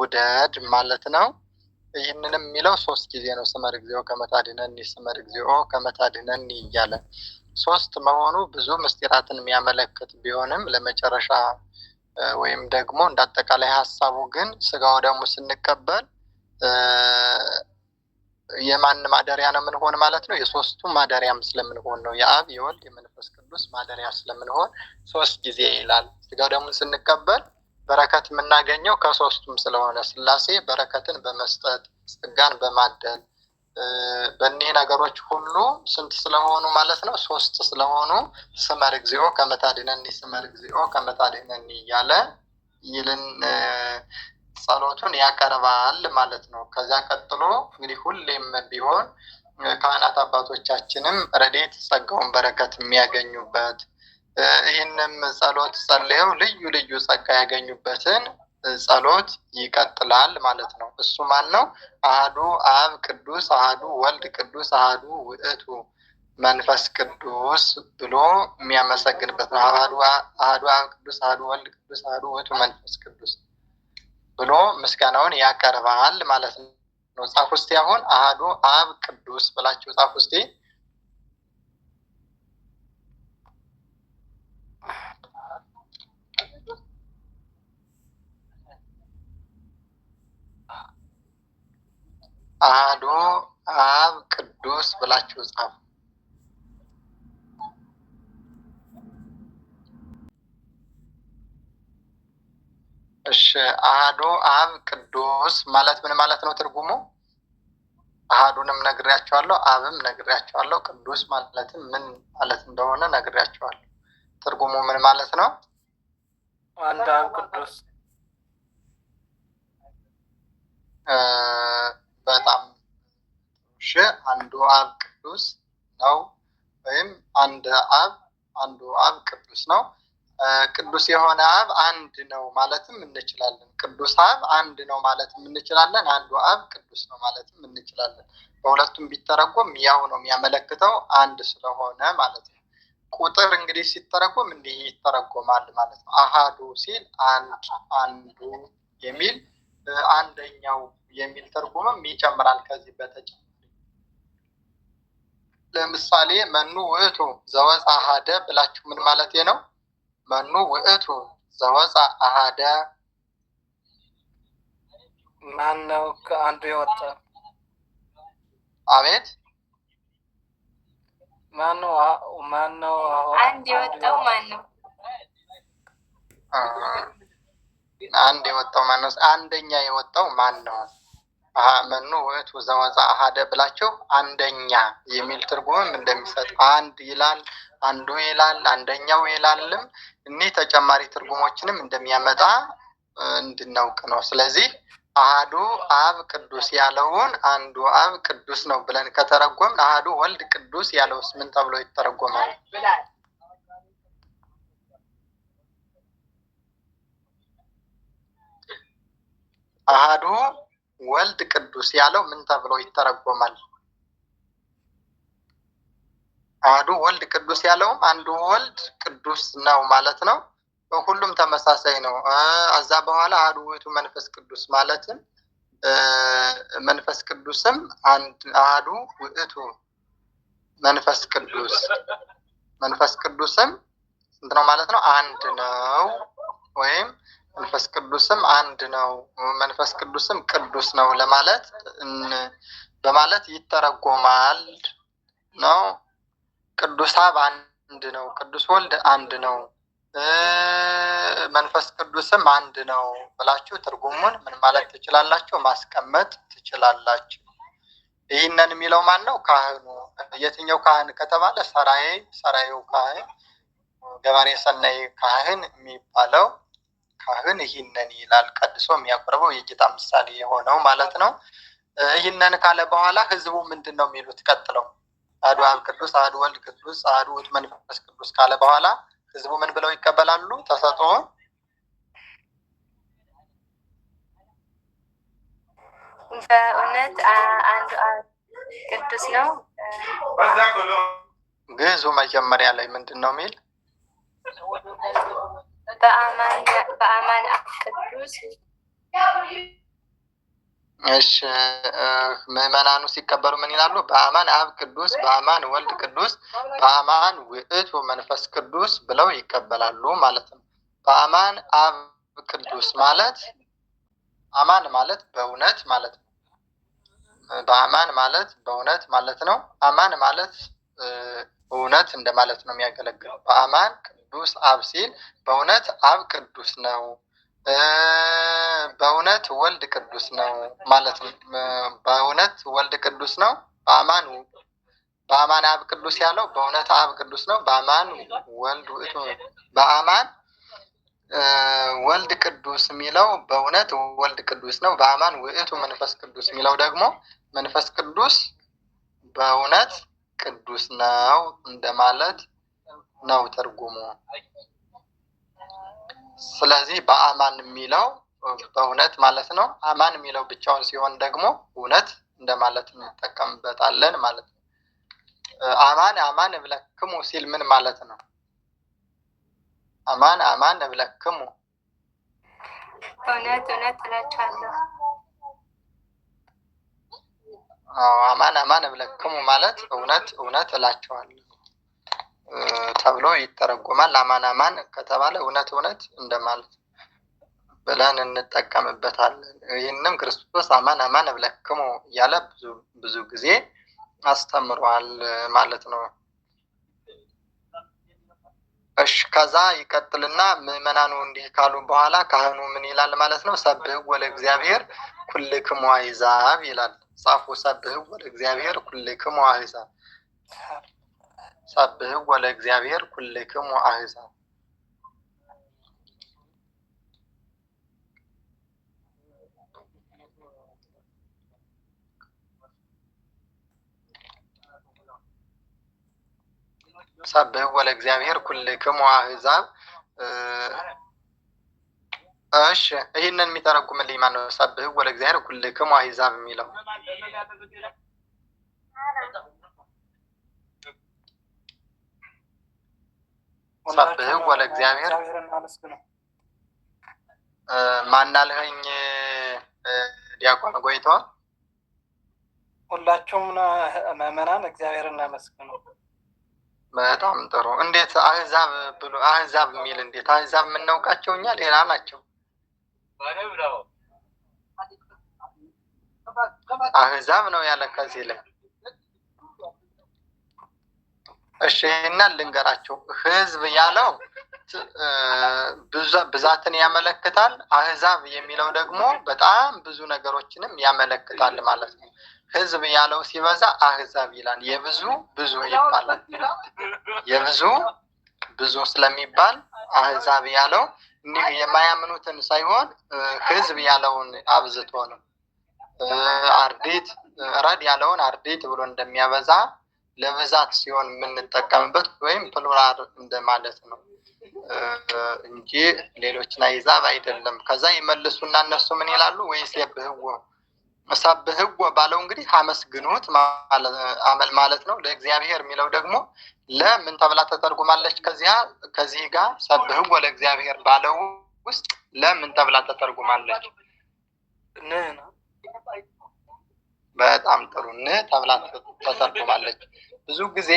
ውደድ ማለት ነው። ይህንንም የሚለው ሶስት ጊዜ ነው። ስመር ጊዜው ከመታድነኒ ስመር እግዚኦ ከመታድነኒ እያለ ሶስት መሆኑ ብዙ ምስጢራትን የሚያመለክት ቢሆንም ለመጨረሻ ወይም ደግሞ እንደ አጠቃላይ ሀሳቡ ግን ስጋው ደግሞ ስንቀበል የማን ማደሪያ ነው የምንሆን ማለት ነው። የሶስቱ ማደሪያም ስለምንሆን ነው። የአብ የወልድ የመንፈስ ቅዱስ ማደሪያ ስለምንሆን ሶስት ጊዜ ይላል። ስጋው ደግሞ ስንቀበል በረከት የምናገኘው ከሶስቱም ስለሆነ ስላሴ በረከትን በመስጠት ጸጋን በማደል በእኒህ ነገሮች ሁሉ ስንት ስለሆኑ ማለት ነው? ሶስት ስለሆኑ ስመር እግዚኦ ከመታድነኒ ስመር እግዚኦ ከመታድነኒ እያለ ይልን ጸሎቱን ያቀርባል ማለት ነው። ከዚያ ቀጥሎ እንግዲህ ሁሌም ቢሆን ካህናት አባቶቻችንም ረዴት ጸጋውን በረከት የሚያገኙበት ይህንም ጸሎት ጸልየው ልዩ ልዩ ጸጋ ያገኙበትን ጸሎት ይቀጥላል ማለት ነው። እሱ ማን ነው? አህዱ አብ ቅዱስ አህዱ ወልድ ቅዱስ አህዱ ውእቱ መንፈስ ቅዱስ ብሎ የሚያመሰግንበት ነው። አህዱ አብ ቅዱስ አህዱ ወልድ ቅዱስ አህዱ ውእቱ መንፈስ ቅዱስ ብሎ ምስጋናውን ያቀርባል ማለት ነው። ጻፍ ውስጤ አሁን አህዱ አብ ቅዱስ ብላችሁ ጻፍ ውስጤ አሐዱ አብ ቅዱስ ብላችሁ ጻፉ። እሺ አሐዱ አብ ቅዱስ ማለት ምን ማለት ነው? ትርጉሙ አሐዱንም ነግሬያቸዋለሁ፣ አብም ነግሬያቸዋለሁ። ቅዱስ ማለትም ምን ማለት እንደሆነ ነግሬያቸዋለሁ። ትርጉሙ ምን ማለት ነው? አንድ አብ ቅዱስ በጣም ሽ አንዱ አብ ቅዱስ ነው ወይም አንድ አብ አንዱ አብ ቅዱስ ነው። ቅዱስ የሆነ አብ አንድ ነው ማለትም እንችላለን። ቅዱስ አብ አንድ ነው ማለትም እንችላለን። አንዱ አብ ቅዱስ ነው ማለትም እንችላለን። በሁለቱም ቢተረጎም ያው ነው የሚያመለክተው አንድ ስለሆነ ማለት ነው። ቁጥር እንግዲህ ሲተረጎም እንዲህ ይተረጎማል ማለት ነው። አሃዱ ሲል አንድ አንዱ የሚል አንደኛው የሚል ትርጉምም ይጨምራል። ከዚህ በተጨማሪ ለምሳሌ መኑ ውእቱ ዘወፃ አሃደ ብላችሁ ምን ማለት ነው? መኑ ውእቱ ዘወፃ አሃደ ማን ነው ከአንዱ የወጣ? አቤት ማን ነው? ማን ነው? አንድ የወጣው ማን ነው? አንድ የወጣው ማን ነው? አንደኛ የወጣው ማን ነው? መኖ ውእቱ ዘወፃ አሃደ ብላችሁ አንደኛ የሚል ትርጉምም እንደሚሰጥ አንድ ይላል፣ አንዱ ይላል፣ አንደኛው ይላልም እኒህ ተጨማሪ ትርጉሞችንም እንደሚያመጣ እንድናውቅ ነው። ስለዚህ አሃዱ አብ ቅዱስ ያለውን አንዱ አብ ቅዱስ ነው ብለን ከተረጎም አሃዱ ወልድ ቅዱስ ያለውስ ምን ተብሎ ይተረጎማል? አህዱ ወልድ ቅዱስ ያለው ምን ተብሎ ይተረጎማል? አንዱ ወልድ ቅዱስ ያለውም አንዱ ወልድ ቅዱስ ነው ማለት ነው። ሁሉም ተመሳሳይ ነው። እዛ በኋላ አሐዱ ውእቱ መንፈስ ቅዱስ ማለትም መንፈስ ቅዱስም አንድ አሐዱ ውእቱ መንፈስ ቅዱስ መንፈስ ቅዱስም ስንት ነው ማለት ነው? አንድ ነው ወይም መንፈስ ቅዱስም አንድ ነው፣ መንፈስ ቅዱስም ቅዱስ ነው ለማለት በማለት ይተረጎማል ነው። ቅዱስ አብ አንድ ነው፣ ቅዱስ ወልድ አንድ ነው፣ መንፈስ ቅዱስም አንድ ነው ብላችሁ ትርጉሙን ምን ማለት ትችላላችሁ? ማስቀመጥ ትችላላችሁ። ይህንን የሚለው ማን ነው? ካህኑ። የትኛው ካህን ከተባለ ሰራዬ ሰራዬው ካህን ገባሬ ሰናይ ካህን የሚባለው ካህን ይህንን ይላል። ቀድሶ የሚያቆርበው የጌታ ምሳሌ የሆነው ማለት ነው። ይህንን ካለ በኋላ ህዝቡ ምንድን ነው የሚሉት? ቀጥለው አሐዱ አብ ቅዱስ፣ አሐዱ ወልድ ቅዱስ፣ አሐዱ ውእቱ መንፈስ ቅዱስ ካለ በኋላ ህዝቡ ምን ብለው ይቀበላሉ? ተሰጥኦ በእውነት አንዱ ቅዱስ ነው። ግዕዙ መጀመሪያ ላይ ምንድን ነው የሚል በአማን ቅዱስ እሺ ምዕመናኑ ሲቀበሉ ምን ይላሉ? በአማን አብ ቅዱስ፣ በአማን ወልድ ቅዱስ፣ በአማን ውእቱ መንፈስ ቅዱስ ብለው ይቀበላሉ ማለት ነው። በአማን አብ ቅዱስ ማለት አማን ማለት በእውነት ማለት ነው። በአማን ማለት በእውነት ማለት ነው። አማን ማለት እውነት እንደማለት ነው የሚያገለግለው በአማን ቅዱስ አብ ሲል በእውነት አብ ቅዱስ ነው፣ በእውነት ወልድ ቅዱስ ነው ማለት ነው። በእውነት ወልድ ቅዱስ ነው በአማን በአማን አብ ቅዱስ ያለው በእውነት አብ ቅዱስ ነው። በአማን ወልድ በአማን ወልድ ቅዱስ የሚለው በእውነት ወልድ ቅዱስ ነው። በአማን ውእቱ መንፈስ ቅዱስ የሚለው ደግሞ መንፈስ ቅዱስ በእውነት ቅዱስ ነው እንደማለት ነው ትርጉሙ። ስለዚህ በአማን የሚለው በእውነት ማለት ነው። አማን የሚለው ብቻውን ሲሆን ደግሞ እውነት እንደማለት እንጠቀምበታለን ማለት ነው። አማን አማን እብለክሙ ሲል ምን ማለት ነው? አማን አማን እብለክሙ እውነት እውነት እላቸዋለሁ። አማን አማን እብለክሙ ማለት እውነት እውነት እላቸዋለሁ ተብሎ ይተረጎማል። አማን አማን ከተባለ እውነት እውነት እንደማለት ብለን እንጠቀምበታለን። ይህንም ክርስቶስ አማን አማን እብለክሙ እያለ ብዙ ጊዜ አስተምሯል ማለት ነው። እሺ ከዛ ይቀጥልና ምዕመናኑ እንዲህ ካሉ በኋላ ካህኑ ምን ይላል ማለት ነው? ሰብህ ወለ እግዚአብሔር ኩልክሙ አሕዛብ ይላል። ጻፉ ሰብህ ወለ እግዚአብሔር ኩልክሙ አሕዛብ سبحوا لاغزابير كلكم وعهزا سبحوا لاغزابير كلكم وعهزا اش ايهنن ميترقم اللي ما نسبحوا لاغزابير كلكم وعهزا ميلو ሰብህ ወለ እግዚአብሔር ማናልኸኝ ዲያቆን ጎይተዋል። ሁላችሁም ምዕመናን እግዚአብሔር እናመስግኑ። በጣም ጥሩ። እንዴት አህዛብ ብሎ አህዛብ የሚል እንዴት አህዛብ የምናውቃቸው እኛ ሌላ ናቸው። አህዛብ ነው ያለ ከዚህ ላይ እሺ ይህንን ልንገራቸው። ህዝብ ያለው ብዛትን ያመለክታል። አህዛብ የሚለው ደግሞ በጣም ብዙ ነገሮችንም ያመለክታል ማለት ነው። ህዝብ ያለው ሲበዛ አህዛብ ይላል። የብዙ ብዙ ይባላል። የብዙ ብዙ ስለሚባል አህዛብ ያለው እኒህ የማያምኑትን ሳይሆን ህዝብ ያለውን አብዝቶ ነው። አርዲት ረድ ያለውን አርዲት ብሎ እንደሚያበዛ ለብዛት ሲሆን የምንጠቀምበት ወይም ፕሉራል እንደማለት ነው እንጂ ሌሎችን አይዛብ አይደለም። ከዛ ይመልሱና እነሱ ምን ይላሉ? ወይስ የብህዎ ሰብህዎ ባለው እንግዲህ አመስግኑት ማለት ነው። ለእግዚአብሔር የሚለው ደግሞ ለምን ተብላ ተተርጉማለች? ከዚያ ከዚህ ጋር ሰብህዎ ለእግዚአብሔር ባለው ውስጥ ለምን ተብላ ተተርጉማለች? በጣም ጥሩ ን ተብላ ተተርጉማለች። ብዙ ጊዜ